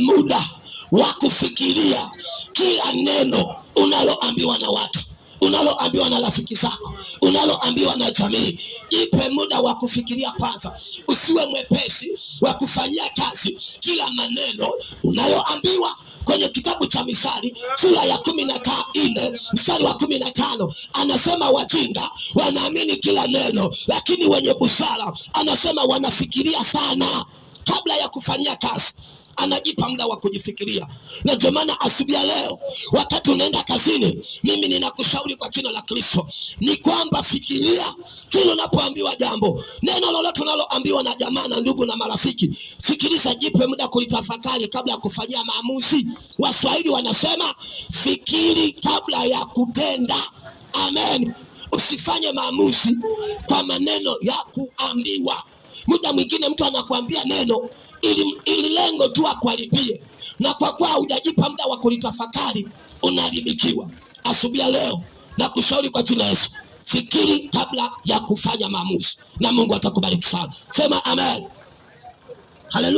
muda wa kufikiria kila neno unaloambiwa na watu unaloambiwa na rafiki zako, unaloambiwa na jamii. Ipe muda wa kufikiria kwanza, usiwe mwepesi wa kufanyia kazi kila maneno unayoambiwa kwenye kitabu cha misari sura ya kumi na nne mstari wa kumi na tano anasema wajinga wanaamini kila neno, lakini wenye busara anasema wanafikiria sana kabla ya kufanyia kazi anajipa muda wa kujifikiria, na ndio maana asubuhi ya leo wakati unaenda kazini, mimi ninakushauri kwa jina la Kristo ni kwamba fikiria kile unapoambiwa jambo, neno lolote unaloambiwa na jamaa na ndugu na marafiki, fikiriza jipe muda kulitafakari kabla ya kufanyia maamuzi. Waswahili wanasema fikiri kabla ya kutenda. Amen. Usifanye maamuzi kwa maneno ya kuambiwa. Muda mwingine mtu anakuambia neno ili, ili lengo tu akuharibie, na kwa kuwa hujajipa muda wa kulitafakari unaharibikiwa. Asubia leo na kushauri kwa jina Yesu, fikiri kabla ya kufanya maamuzi, na Mungu atakubariki sana. Sema amen. Haleluya.